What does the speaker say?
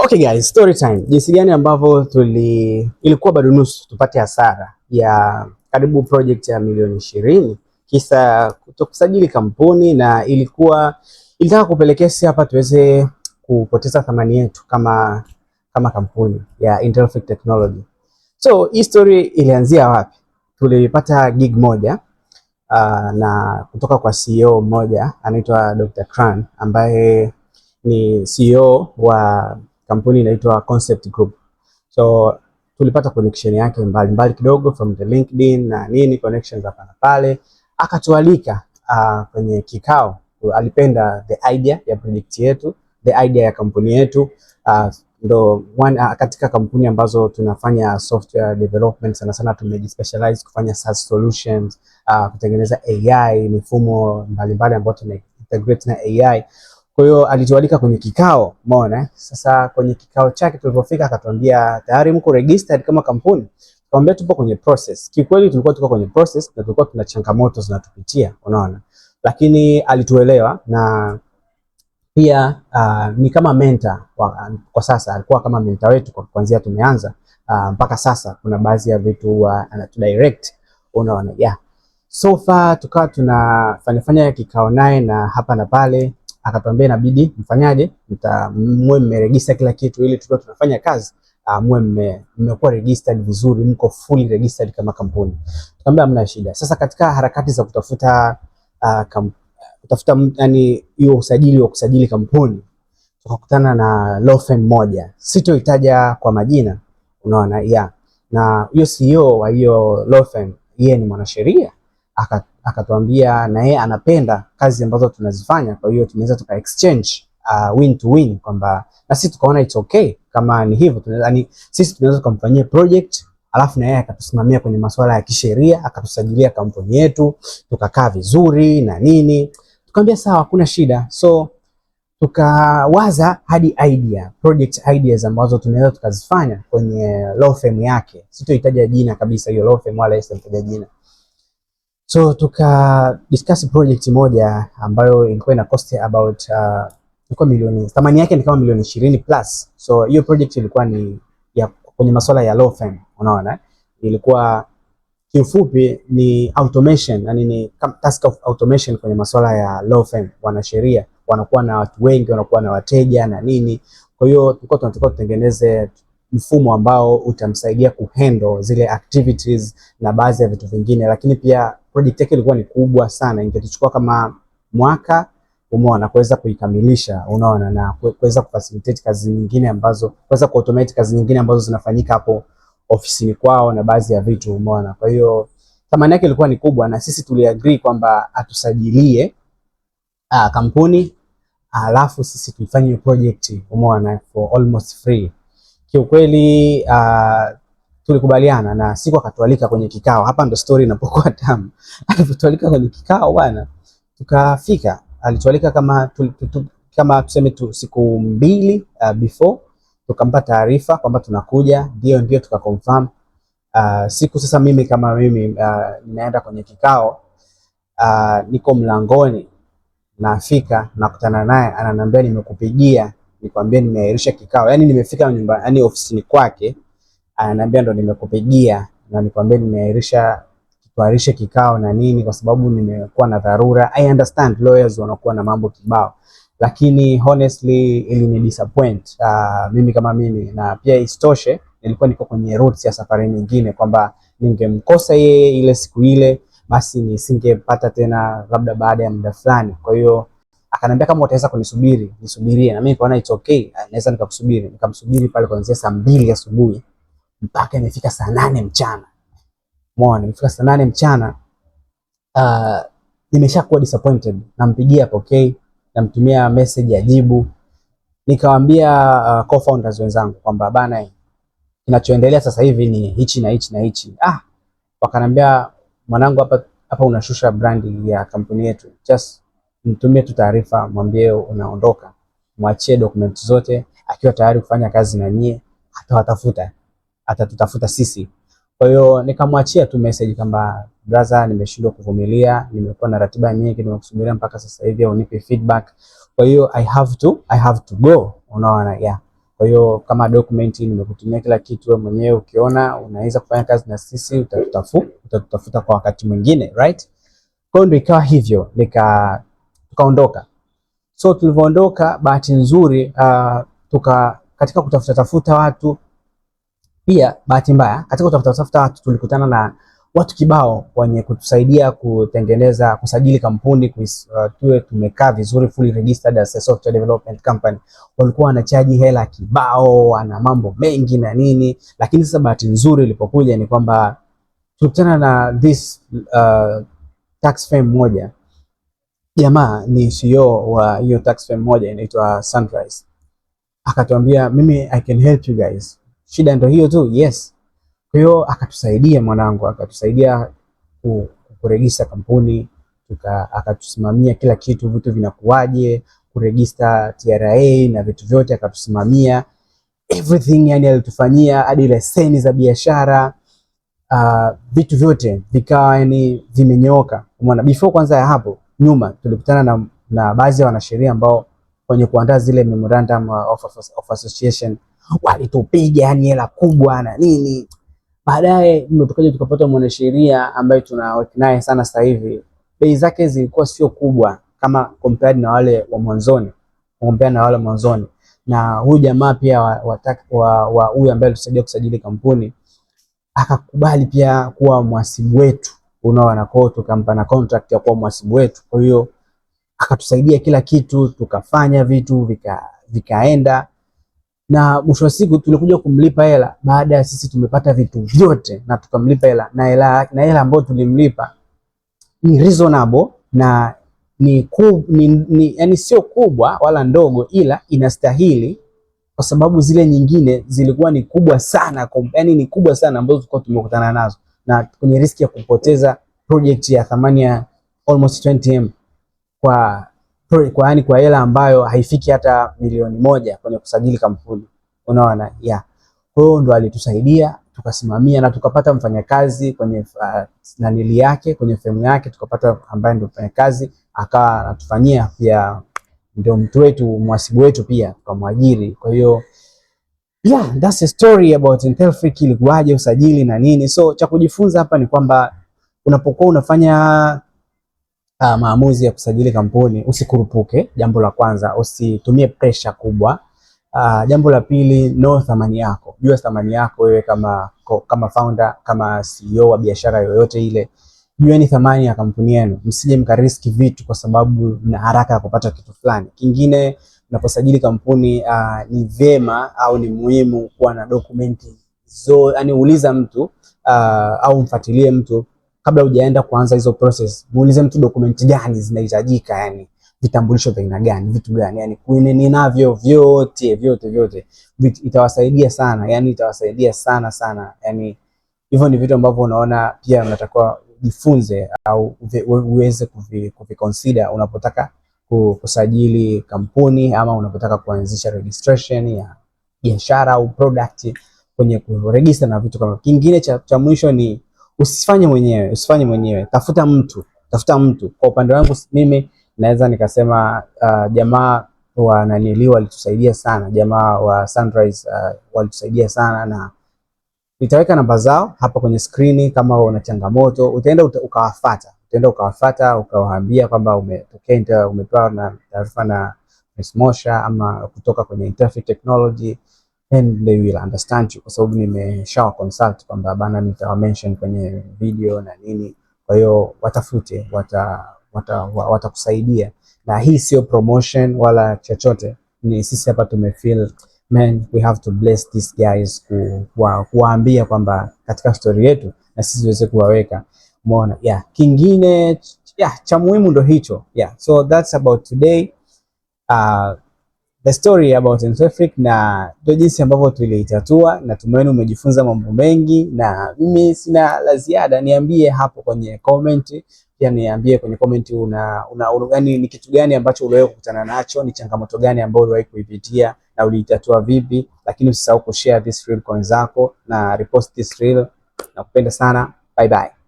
Okay guys, story time. Jinsi gani ambavyo tuli ilikuwa bado nusu tupate hasara ya karibu project ya milioni ishirini kisa kutokusajili kampuni na ilikuwa ilitaka kupelekea sisi hapa tuweze kupoteza thamani yetu kama kama kampuni ya Intelfect Technology. So hii story ilianzia wapi? Tulipata gig moja uh, na kutoka kwa CEO mmoja anaitwa Dr. Kran ambaye ni CEO wa kampuni inaitwa Concept Group. So tulipata connection yake mbalimbali mbali kidogo from the LinkedIn na nini connections hapa na pale, akatualika uh, kwenye kikao. Alipenda the idea ya project yetu, the idea ya kampuni yetu uh, ndo one, uh, katika kampuni ambazo tunafanya software development sana sana tumejispecialize kufanya SaaS solutions uh, kutengeneza AI mifumo mbalimbali ambayo tuna integrate na AI kwa hiyo alitualika kwenye kikao, umeona. Sasa kwenye kikao chake tulipofika, akatuambia tayari mko registered kama kampuni. Tukamwambia tupo kwenye process. Kikweli tulikuwa tuko kwenye process na tulikuwa tuna changamoto zinatupitia, unaona, lakini alituelewa na pia uh, ni kama mentor kwa, kwa sasa alikuwa kama mentor wetu kwa kuanzia tumeanza uh, mpaka sasa. Kuna baadhi ya vitu uh, anatudirect unaona, yeah so far tukawa tunafanyafanya kikao naye na hapa na pale akatuambia inabidi mfanyaje, mwe mmeregista kila kitu, ili tukiwa tunafanya kazi ah, mwe mmekuwa registered vizuri, mko fully registered kama kampuni. Tukamwambia hamna shida. Sasa katika harakati za kutafuta uh, kam, kutafuta yani hiyo usajili wa kusajili kampuni tukakutana na law firm moja, sitoitaja kwa majina, unaona ya na hiyo CEO wa hiyo law firm yeye ni mwanasheria akatuambia na yeye anapenda kazi ambazo tunazifanya, kwa hiyo tunaweza tuka exchange uh, win to win, kwamba na sisi tukaona it's okay kama ni hivyo, yani sisi tunaweza tukamfanyia project alafu na yeye akatusimamia kwenye masuala ya kisheria, akatusajilia kampuni yetu, tukakaa vizuri na nini, tukamwambia sawa, hakuna shida. So tukawaza hadi idea project ideas ambazo tunaweza tukazifanya kwenye law firm yake. Sitoitaja jina kabisa hiyo law firm, wala sitoitaja jina So tuka discuss project moja ambayo ilikuwa ina cost about uh, milioni thamani yake ni kama milioni 20 plus. So hiyo project ilikuwa ni ya kwenye masuala ya law firm, unaona? Ilikuwa kiufupi ni automation, yani ni task of automation kwenye masuala ya law firm. sheria wanakuwa na watu wengi, wanakuwa na wateja na nini. Kwa hiyo tulikuwa tunatakiwa tutengeneze mfumo ambao utamsaidia kuhandle zile activities na baadhi ya vitu vingine, lakini pia project yake ilikuwa ni kubwa sana, ingetuchukua kama mwaka umeona kuweza kuikamilisha, unaona, na kuweza kufacilitate kazi nyingine ambazo kuweza kuautomate kazi nyingine ambazo zinafanyika hapo ofisini kwao na baadhi ya vitu, umeona. Kwa hiyo thamani yake ilikuwa ni kubwa, na sisi tuliagree kwamba atusajilie ah, kampuni alafu sisi tuifanye project, umeona, for almost free kiukweli uh, tulikubaliana na siku akatualika kwenye kikao. Hapa ndo stori inapokuwa tamu. Alivyotualika kwenye kikao bwana, tukafika. Alitualika kama tu, tu, kama tuseme tu siku mbili uh, before tukampa taarifa kwamba tunakuja, ndio ndio tukakonfirm uh, ah, siku sasa. Mimi kama mimi uh, ninaenda kwenye kikao uh, niko mlangoni, nafika nakutana naye, ananiambia nimekupigia nikwambia nimeahirisha kikao. Yani nimefika nyumbani, yani ofisini kwake, ananiambia ndo nimekupigia na nikwambia nimeahirisha tuahirishe kikao na nini, kwa sababu nimekuwa na dharura. I understand lawyers wanakuwa na mambo kibao, lakini honestly ili ni disappoint uh, mimi kama mimi, na pia istoshe nilikuwa niko kwenye routes ya safari nyingine, kwamba ningemkosa yeye ile siku ile, basi nisingepata tena, labda baada ya muda fulani. Kwa hiyo Akaniambia kama utaweza kunisubiri, nisubirie. Na mimi nikaona it's okay, ah, naweza nikakusubiri. Nikamsubiri pale kuanzia saa mbili asubuhi mpaka imefika saa nane mchana. Umeona, imefika saa nane mchana. Uh, nimeshakuwa disappointed. Nampigia pokei, namtumia message ajibu. Nikawaambia uh, ah, co-founders wenzangu kwamba bana, kinachoendelea sasa hivi ni hichi na hichi na hichi. Ah, wakanambia mwanangu, hapa hapa unashusha brandi ya kampuni yetu. Just mtumie tu taarifa, mwambie unaondoka, mwachie document zote. Akiwa tayari kufanya kazi na nyie, atawatafuta atatutafuta sisi. Kwa hiyo nikamwachia tu message kwamba brother, nimeshindwa kuvumilia, nimekuwa na ratiba nyingi, nimekusubiria mpaka sasa hivi, unipe feedback. Kwa hiyo I have to I have to go, unaona yeah. Kwa hiyo kama document nimekutumia kila kitu, wewe mwenyewe ukiona unaweza kufanya kazi na sisi, utatutafuta utatutafuta kwa wakati mwingine right. Kwa hiyo ndio ikawa hivyo nika tukaondoka. So tulivyoondoka, bahati nzuri uh, tuka katika kutafuta tafuta watu pia, bahati mbaya, katika kutafuta tafuta watu tulikutana na watu kibao wenye kutusaidia kutengeneza kusajili kampuni kuis, uh, tuwe tumekaa vizuri fully registered as a software development company. Walikuwa wanachaji hela kibao, wana mambo mengi na nini, lakini sasa bahati nzuri ilipokuja ni kwamba tulikutana na this uh, tax firm moja jamaa ni CEO wa hiyo tax firm moja inaitwa Sunrise, akatuambia mimi I can help you guys, shida ndio hiyo tu. Yes, kwa hiyo akatusaidia mwanangu, akatusaidia kuregista kampuni tuka, akatusimamia kila kitu, vitu vinakuwaje, kuregista TRA na vitu vyote akatusimamia everything, yani alitufanyia hadi leseni za biashara uh, vitu vyote vikawa yani vimenyooka, umeona. Before kwanza ya hapo nyuma tulikutana na, na baadhi ya wanasheria ambao kwenye kuandaa zile memorandum of, of of association walitupiga yani hela kubwa na nini. Baadaye ndio tukaja tukapata mwanasheria ambaye tunaweka naye sana sasa hivi, bei zake zilikuwa sio kubwa kama compared na wale wa mwanzoni, compared na wale wa mwanzoni. Na huyu jamaa pia wa huyu wa, huyu ambaye alitusaidia kusajili kampuni akakubali pia kuwa mwasibu wetu unao anako tukampa na contract ya kuwa mwasibu wetu. Kwa hiyo akatusaidia kila kitu, tukafanya vitu vika, vikaenda na mwisho wa siku tulikuja kumlipa hela baada ya sisi tumepata vitu vyote, na tukamlipa hela na hela na hela ambayo tulimlipa ni reasonable na ni, ku, ni, ni yani sio kubwa wala ndogo, ila inastahili kwa sababu zile nyingine zilikuwa ni kubwa sana, yani ni kubwa sana ambazo tulikuwa tumekutana nazo na kwenye riski ya kupoteza project ya thamani ya almost 20m kwa kwa yani kwa hela ambayo haifiki hata milioni moja kwenye kusajili kampuni. Unaona? Yeah. Kwa hiyo ndo alitusaidia tukasimamia na tukapata mfanyakazi kwenye uh, nanili yake kwenye femu yake tukapata ambaye ndio mfanyakazi akawa anatufanyia pia ndio mtu wetu mwasibu wetu pia tukamwajiri. Kwa hiyo Yeah, that's a story about Intellific ilikuwaje, usajili na nini. So cha kujifunza hapa ni kwamba unapokuwa unafanya uh, maamuzi ya kusajili kampuni usikurupuke, jambo la kwanza, usitumie pressure kubwa. Uh, jambo la pili, no thamani yako, jua thamani yako wewe kama kama founder, kama CEO wa biashara yoyote ile, jua ni thamani ya kampuni yenu, msije mkariski vitu kwa sababu na haraka ya kupata kitu fulani kingine unaposajili kampuni uh, ni vyema au ni muhimu kuwa na dokumenti zo, yani uliza mtu uh, au mfuatilie mtu kabla hujaenda kuanza hizo process, muulize mtu dokumenti gani zinahitajika, yani vitambulisho vya aina gani, vitu gani, yani kuineni navyo vyote vyote vyote, itawasaidia sana, yani itawasaidia sana sana, yani hivyo ni vitu ambavyo unaona pia unatakiwa jifunze au uweze kuvi consider unapotaka kusajili kampuni ama unapotaka kuanzisha registration ya biashara au product kwenye kuregister na vitu kama. Kingine cha, cha mwisho ni usifanye mwenyewe, usifanye mwenyewe, tafuta mtu, tafuta mtu. Kwa upande wangu mimi naweza nikasema uh, jamaa wa nanili walitusaidia sana, jamaa wa Sunrise uh, walitusaidia sana na nitaweka namba zao hapa kwenye skrini. Kama una changamoto utaenda uta, utaenda ukawafata ukawaambia kwamba umetokea umepewa na taarifa na Ms. Mosha ama kutoka kwenye Interfaith Technology and they will understand you, kwa sababu nimeshawa consult kwamba bana, nitawa mention kwenye video na nini. Kwa hiyo watafute, watakusaidia, wata, wata na hii sio promotion wala chochote, ni sisi hapa tumefeel man we have to bless these guys, kuwaambia kwamba katika story yetu na sisi tuweze kuwaweka Umeona? Yeah. Kingine yeah, cha muhimu ndo hicho. Yeah. So that's about today. Uh, the story about Enzoic na ndio jinsi ambavyo tuliitatua. Natumaini umejifunza mambo mengi, na mimi sina la ziada. Niambie hapo kwenye comment, pia niambie kwenye comment una, una, una, yani ni kitu gani ambacho uliwahi kukutana nacho, ni changamoto gani ambayo uliwahi kuipitia na uliitatua vipi. Lakini usisahau kushare this reel kwa wenzako na repost this reel. Nakupenda sana, bye bye.